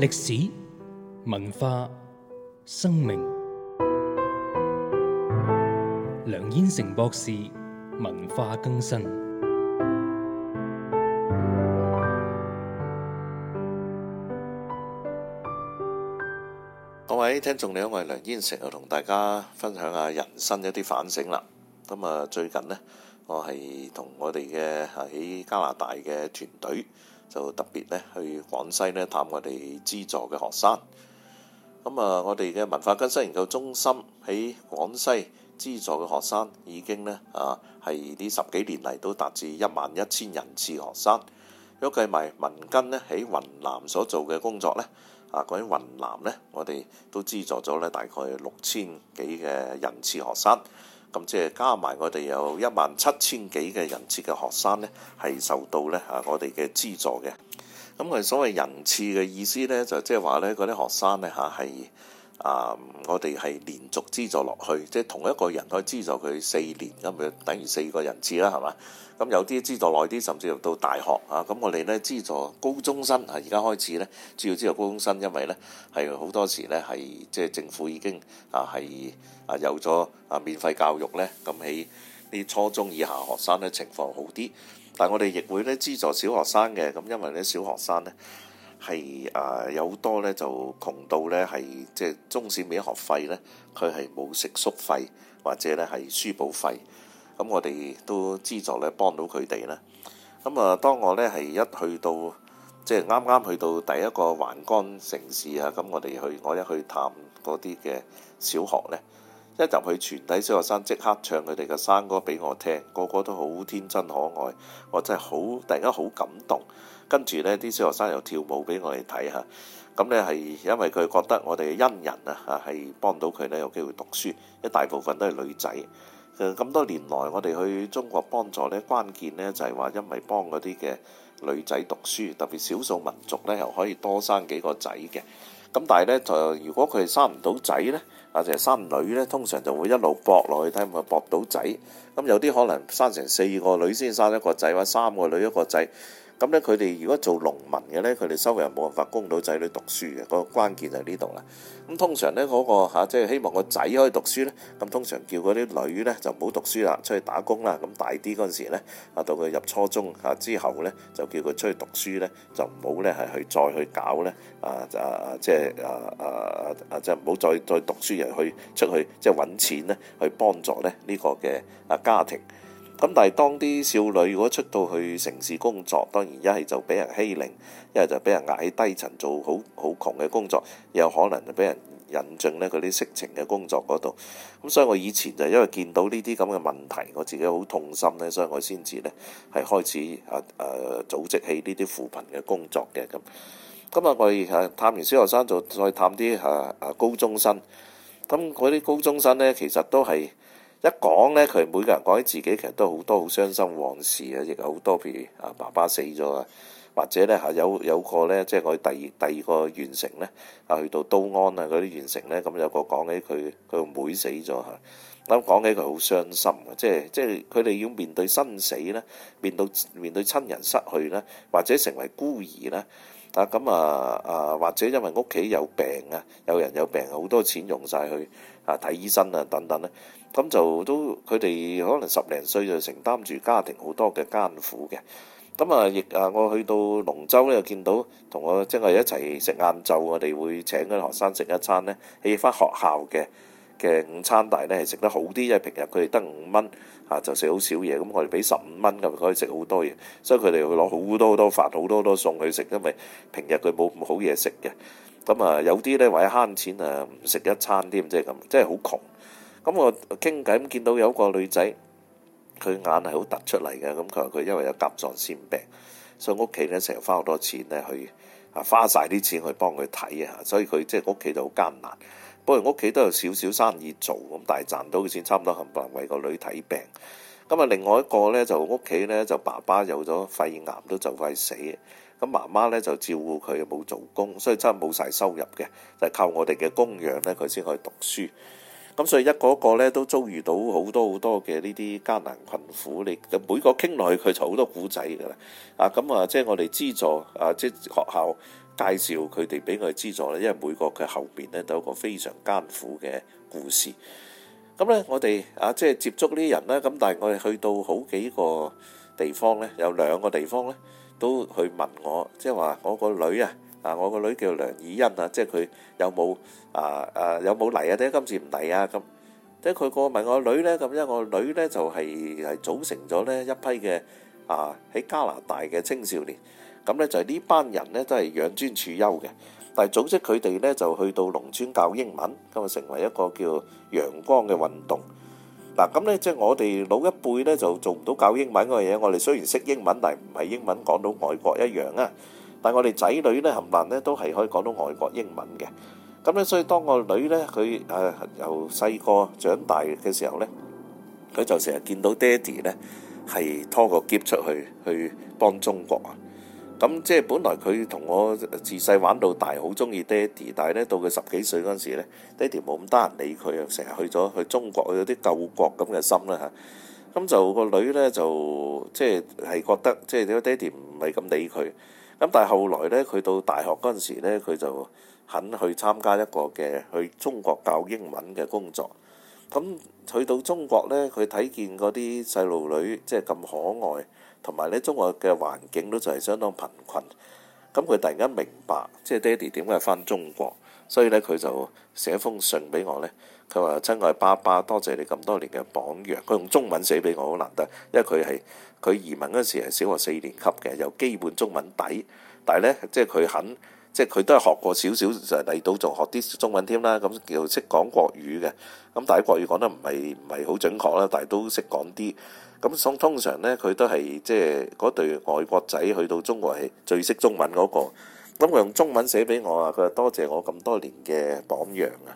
歷史、文化、生命，梁燕城博士文化更新。各位聽眾，你好，我係梁燕城，又同大家分享下人生一啲反省啦。咁啊，最近呢，我係同我哋嘅喺加拿大嘅團隊。就特別咧去廣西咧探我哋資助嘅學生。咁啊，我哋嘅文化更新研究中心喺廣西資助嘅學生已經咧啊，係呢十幾年嚟都達至一萬一千人次學生。如果計埋文更咧喺雲南所做嘅工作咧啊，講起雲南咧，我哋都資助咗咧大概六千幾嘅人次學生。咁即係加埋我哋有一萬七千幾嘅人次嘅學生呢，係受到呢吓我哋嘅資助嘅。咁佢所謂人次嘅意思呢，就即係話呢嗰啲學生呢，吓係。啊！Um, 我哋係連續資助落去，即係同一個人可以資助佢四年咁，咪等於四個人次啦，係嘛？咁有啲資助耐啲，甚至入到大學啊！咁我哋咧資助高中生啊，而家開始咧主要資助高中生，因為咧係好多時咧係即係政府已經啊係啊有咗啊免費教育咧，咁喺啲初中以下學生咧情況好啲，但係我哋亦會咧資助小學生嘅，咁因為咧小學生咧。係啊，有好多咧就窮到咧係即係中小免學費咧，佢係冇食宿費或者咧係書簿費。咁我哋都資助咧幫到佢哋啦。咁啊，當我咧係一去到即係啱啱去到第一個環江城市啊，咁我哋去我一去探嗰啲嘅小學咧。一入去，全體小學生即刻唱佢哋嘅山歌俾我聽，個個都好天真可愛，我真係好突然間好感動。跟住呢啲小學生又跳舞俾我哋睇下。咁呢係因為佢覺得我哋嘅恩人啊，係幫到佢呢，有機會讀書。一大部分都係女仔。咁、啊、多年來，我哋去中國幫助呢，關鍵呢就係、是、話因為幫嗰啲嘅女仔讀書，特別少數民族呢又可以多生幾個仔嘅。咁、啊、但係呢，就、呃、如果佢哋生唔到仔呢，啊！成三女呢，通常就會一路搏落去睇，咪搏到仔。咁有啲可能生成四個女先生一個仔，或者三個女一個仔。咁咧，佢哋如果做農民嘅咧，佢哋收入又冇辦法供到仔女讀書嘅，個關鍵就喺呢度啦。咁通常咧，嗰個嚇，即係希望個仔可以讀書咧，咁通常叫嗰啲女咧就唔好讀書啦，出去打工啦。咁大啲嗰陣時咧，啊到佢入初中嚇之後咧，就叫佢出去讀書咧，就唔好咧係去再去搞咧，就是，啊啊即係啊啊啊即係唔好再再讀書又去出去即係揾錢咧去幫助咧呢個嘅啊家庭。咁但係當啲少女如果出到去城市工作，當然一係就俾人欺凌，一係就俾人壓喺低層做好好窮嘅工作，有可能就俾人引進咧佢啲色情嘅工作嗰度。咁所以我以前就因為見到呢啲咁嘅問題，我自己好痛心咧，所以我先至咧係開始啊啊組織起呢啲扶貧嘅工作嘅咁。今日我哋啊探完小學生，就再探啲啊啊高中生。咁嗰啲高中生咧，其實都係。一講咧，佢每個人講起自己，其實都好多好傷心往事啊！亦係好多譬如啊，爸爸死咗啊，或者咧嚇有有個咧，即係我第二第二個縣城咧啊，去到都安啊嗰啲縣城咧，咁有個講起佢佢個妹死咗嚇，咁講起佢好傷心嘅，即係即係佢哋要面對生死咧，面對面對親人失去咧，或者成為孤兒咧啊咁啊啊，或者因為屋企有病啊，有人有病，好多錢用晒去啊睇醫生啊等等咧。咁就都佢哋可能十零歲就承擔住家庭好多嘅艱苦嘅，咁啊亦啊我去到龍州咧，又見到同我即係一齊食晏晝，我哋會請啲學生食一餐咧，起翻學校嘅嘅午餐大咧，係食得好啲，因為平日佢哋得五蚊啊就食好少嘢，咁我哋俾十五蚊，咁佢可以食好多嘢，所以佢哋會攞好多好多飯，好多好多餸去食，因為平日佢冇咁好嘢食嘅。咁啊有啲咧為咗慳錢啊唔食一餐添，即係咁，即係好窮。咁我傾偈咁見到有個女仔，佢眼係好突出嚟嘅。咁佢話佢因為有甲狀腺病，所以屋企咧成日花好多錢咧去啊花晒啲錢去幫佢睇啊，所以佢即係屋企就好艱難。不過屋企都有少少生意做，咁但係賺到嘅錢差唔多冚唪唥為個女睇病。咁啊，另外一個咧就屋企咧就爸爸有咗肺癌都就快死咁，媽媽咧就照顧佢冇做工，所以真係冇晒收入嘅，就係、靠我哋嘅供養咧佢先可以讀書。咁所以一個一個咧都遭遇到好多好多嘅呢啲艱難困苦，你每個傾落去佢就好多古仔噶啦。啊，咁啊，即係我哋資助啊，即係學校介紹佢哋俾我哋資助咧，因為每個嘅後邊咧都有一個非常艱苦嘅故事。咁咧，我哋啊，即係接觸呢啲人咧，咁但係我哋去到好幾個地方咧，有兩個地方咧都去問我，即係話我個女啊。啊！我個女叫梁以欣啊，即係佢有冇啊啊有冇嚟啊？點解今次唔嚟啊？咁點解佢個問我個女咧？咁因為我個女咧就係係組成咗咧一批嘅啊喺加拿大嘅青少年，咁咧就係呢班人咧都係養尊處優嘅，但係組織佢哋咧就去到農村教英文，咁啊成為一個叫陽光嘅運動。嗱，咁咧即係我哋老一輩咧就做唔到教英文嗰樣嘢。我哋雖然識英文，但係唔係英文講到外國一樣啊。但係我哋仔女咧，冚唪唥咧都係可以講到外國英文嘅。咁咧，所以當個女咧，佢誒、啊、由細個長大嘅時候咧，佢就成日見到爹哋咧係拖個篋出去去幫中國啊。咁即係本來佢同我自細玩到大，好中意爹哋。但係咧到佢十幾歲嗰陣時咧，爹哋冇咁得閒理佢啊，成日去咗去中國有啲救國咁嘅心啦嚇。咁、啊、就個女咧就即係係覺得即係點解爹哋唔係咁理佢？咁但係後來咧，佢到大學嗰陣時咧，佢就肯去參加一個嘅去中國教英文嘅工作。咁去到中國咧，佢睇見嗰啲細路女即係咁可愛，同埋咧中國嘅環境都就係相當貧困。咁佢突然間明白，即係爹哋點解返中國，所以咧佢就寫封信俾我咧。佢話親愛爸爸，多謝你咁多年嘅榜樣。佢用中文寫俾我，好難得，因為佢係佢移民嗰時係小學四年級嘅，有基本中文底。但係呢，即係佢肯，即係佢都係學過少少，就嚟到仲學啲中文添啦。咁叫識講國語嘅，咁但係國語講得唔係唔係好準確啦，但係都識講啲。咁通通常呢，佢都係即係嗰對外國仔去到中國係最識中文嗰個。咁佢用中文寫俾我啊，佢話多謝我咁多年嘅榜樣啊！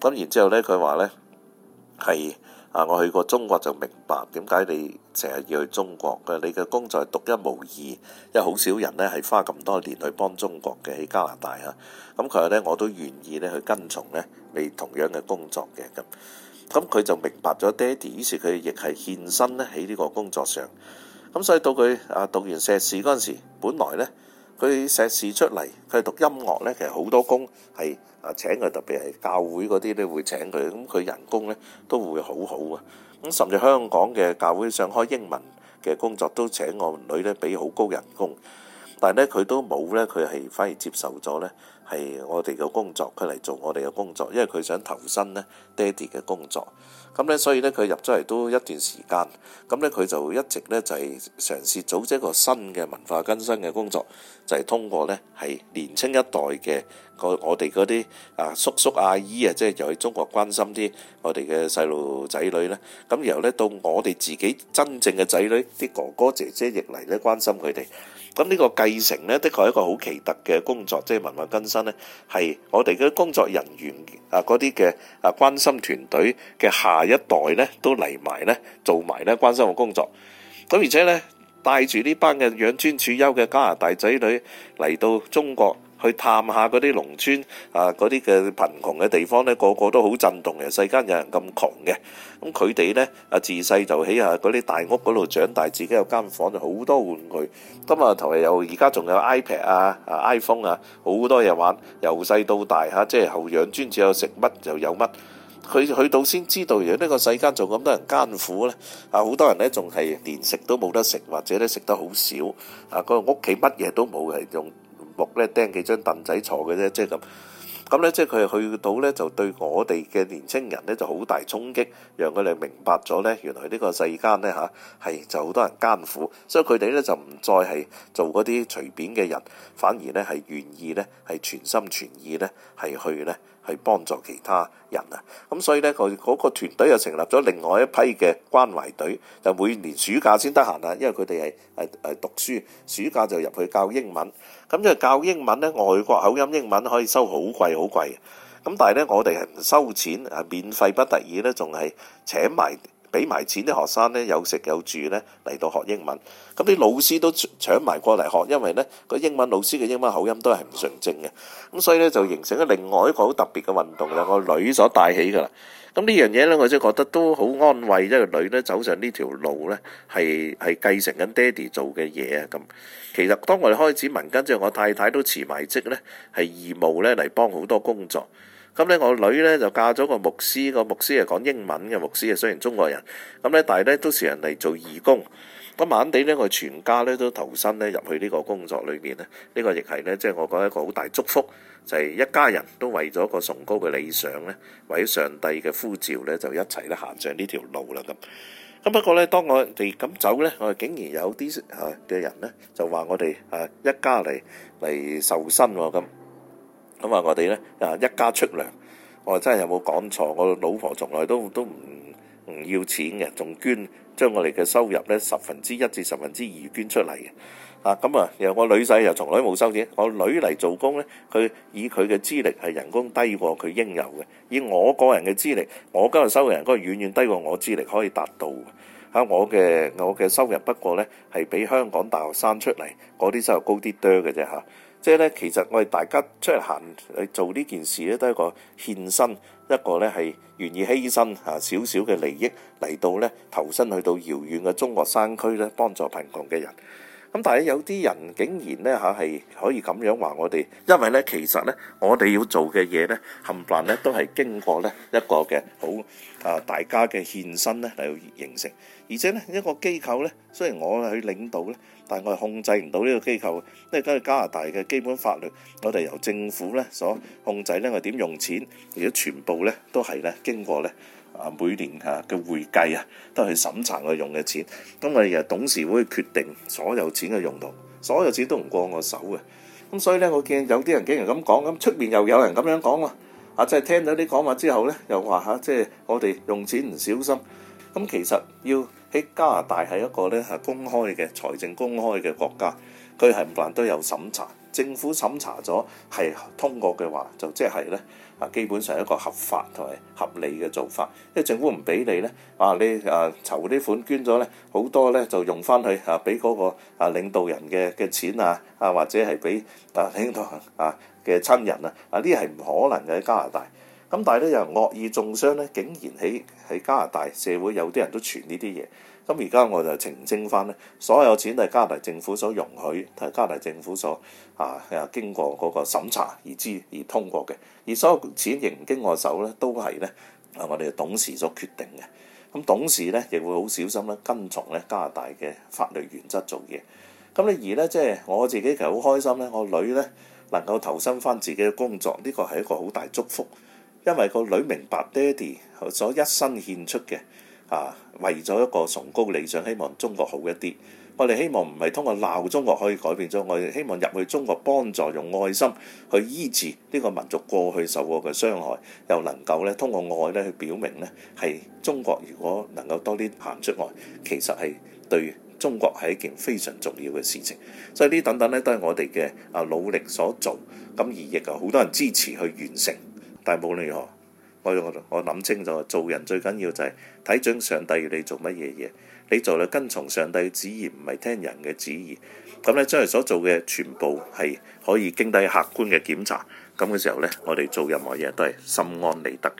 咁然之後咧，佢話咧係啊，我去過中國就明白點解你成日要去中國嘅，你嘅工作係獨一無二，因為好少人咧係花咁多年去幫中國嘅喺加拿大呀。咁佢話咧，我都願意咧去跟從咧你同樣嘅工作嘅咁。咁佢就明白咗爹哋，於是佢亦係獻身咧喺呢個工作上。咁所以到佢啊讀完碩士嗰陣時，本來咧。佢碩士出嚟，佢讀音樂呢，其實好多工係啊請佢，特別係教會嗰啲呢會請佢，咁佢人工呢都會好好啊！咁甚至香港嘅教會想開英文嘅工作都請我女呢，俾好高人工，但係呢，佢都冇呢，佢係反而接受咗呢。係我哋嘅工作，佢嚟做我哋嘅工作，因為佢想投身咧爹哋嘅工作。咁咧，所以咧佢入咗嚟都一段時間，咁咧佢就一直咧就係、是、嘗試組織一個新嘅文化更新嘅工作，就係、是、通過咧係年青一代嘅個我哋嗰啲啊叔叔阿姨啊，即係又係中國關心啲我哋嘅細路仔女咧。咁然後咧到我哋自己真正嘅仔女啲哥哥姐姐亦嚟咧關心佢哋。咁呢個繼承呢，的確係一個好奇特嘅工作，即係文化更新呢係我哋嘅工作人員啊，嗰啲嘅啊關心團隊嘅下一代呢，都嚟埋呢做埋呢關心嘅工作。咁而且呢，帶住呢班嘅養尊處優嘅加拿大仔女嚟到中國。去探下嗰啲農村啊，嗰啲嘅貧窮嘅地方咧，個個都好震動嘅。世間有人咁窮嘅，咁佢哋咧啊自細就喺啊嗰啲大屋嗰度長大，自己有間房，就好多玩具。今日同埋又而家仲有 iPad 啊、iPhone 啊，好多嘢玩。由細到大嚇，即係後養尊處優，食乜就有乜。佢去到先知道，如果呢個世間做咁多人艱苦咧。啊，好多人咧仲係連食都冇得食，或者咧食得好少。啊，個屋企乜嘢都冇，係用，木咧釘幾張凳仔坐嘅啫，即係咁。咁咧即係佢去到咧，就對我哋嘅年青人咧就好大衝擊，讓佢哋明白咗咧，原來呢個世間咧吓係就好多人艱苦，所以佢哋咧就唔再係做嗰啲隨便嘅人，反而咧係願意咧係全心全意咧係去咧。係幫助其他人啊！咁所以呢，佢嗰個團隊又成立咗另外一批嘅關懷隊，就每年暑假先得閒啊，因為佢哋係係係讀書，暑假就入去教英文。咁就教英文呢，外國口音英文可以收好貴好貴。咁但係呢，我哋係唔收錢啊，免費不得已呢，仲係請埋。俾埋錢，啲學生咧有食有住咧，嚟到學英文，咁啲老師都搶埋過嚟學，因為咧個英文老師嘅英文口音都係唔純正嘅，咁所以咧就形成咗另外一個好特別嘅運動啦，由個女所帶起噶啦。咁呢樣嘢咧，我真係覺得都好安慰，因為女咧走上呢條路咧係係繼承緊爹哋做嘅嘢啊咁。其實當我哋開始民間之後，即係、我太太都辭埋職咧，係義務咧嚟幫好多工作。咁咧，我女咧就嫁咗個牧師，個牧師係講英文嘅牧師啊，雖然中國人，咁咧，但係咧都是人嚟做義工。咁慢慢地咧，我全家咧都投身咧入去呢個工作裏面咧，呢個亦係咧即係我覺得一個好大祝福，就係一家人都為咗個崇高嘅理想咧，為咗上帝嘅呼召咧，就一齊咧行上呢條路啦咁。咁不過咧，當我哋咁走咧，我哋竟然有啲嚇嘅人咧就話我哋啊一家嚟嚟受身喎咁。咁啊，我哋呢，啊一家出糧，我真係有冇講錯？我老婆從來都都唔唔要錢嘅，仲捐將我哋嘅收入呢十分之一至十分之二捐出嚟嘅。啊，咁啊，然後我女婿又從來冇收錢，我女嚟做工呢，佢以佢嘅資歷係人工低過佢應有嘅。以我個人嘅資歷，我今日收嘅人工係遠遠低過我資歷可以達到嘅。嚇、啊，我嘅我嘅收入不過呢，係比香港大學生出嚟嗰啲收入高啲多嘅啫嚇。啊即係咧，其實我哋大家出嚟行去做呢件事咧，都係一個獻身，一個咧係願意犧牲吓少少嘅利益嚟到咧投身去到遙遠嘅中國山區咧，幫助貧窮嘅人。咁但係有啲人竟然咧吓，係可以咁樣話我哋，因為咧其實咧我哋要做嘅嘢咧，冚唪唥咧都係經過咧一個嘅好啊大家嘅獻身咧嚟到形成，而且咧一個機構咧雖然我去領導咧，但係我係控制唔到呢個機構，因為根據加拿大嘅基本法律，我哋由政府咧所控制咧我點用錢，如果全部咧都係咧經過咧。啊，每年嚇嘅會計啊，都係審查我用嘅錢。咁我由董事會決定所有錢嘅用途，所有錢都唔過我手嘅。咁所以咧，我見有啲人竟然咁講，咁出面又有人咁樣講啊。啊，即係聽到啲講話之後咧，又話嚇，即係我哋用錢唔小心。咁其實要喺加拿大係一個咧係公開嘅財政公開嘅國家，佢係唔難都有審查。政府審查咗係通過嘅話，就即係咧。啊，基本上一個合法同埋合理嘅做法，因為政府唔俾你呢，啊，你啊籌啲款捐咗呢，好多呢就用翻去啊，俾嗰個啊領導人嘅嘅錢啊，啊或者係俾啊領導人啊嘅親人啊，啊呢係唔可能嘅喺加拿大。咁但係呢有人惡意中傷呢，竟然喺喺加拿大社會有啲人都傳呢啲嘢。咁而家我就澄清翻咧，所有錢都係加拿大政府所容許，係加拿大政府所啊經過嗰個審查而知而通過嘅。而所有錢仍經我手咧，都係咧我哋董事所決定嘅。咁、嗯、董事咧亦會好小心咧跟從咧加拿大嘅法律原則做嘢。咁、嗯、你而呢，即係我自己其實好開心咧，我女咧能夠投身翻自己嘅工作，呢個係一個好大祝福，因為個女明白爹哋所一身獻出嘅。啊！為咗一個崇高理想，希望中國好一啲。我哋希望唔係通過鬧中國可以改變咗，我哋希望入去中國幫助，用愛心去醫治呢個民族過去受過嘅傷害，又能夠咧通過愛咧去表明咧係中國。如果能夠多啲行出愛，其實係對中國係一件非常重要嘅事情。所以呢等等咧都係我哋嘅啊努力所做，咁而亦有好多人支持去完成。但係無論如何。我我諗清楚，做人最緊要就係睇準上帝要你做乜嘢嘢，你做咧跟從上帝嘅旨意，唔係聽人嘅旨意。咁咧，將來所做嘅全部係可以經得起客觀嘅檢查。咁嘅時候呢，我哋做任何嘢都係心安理得。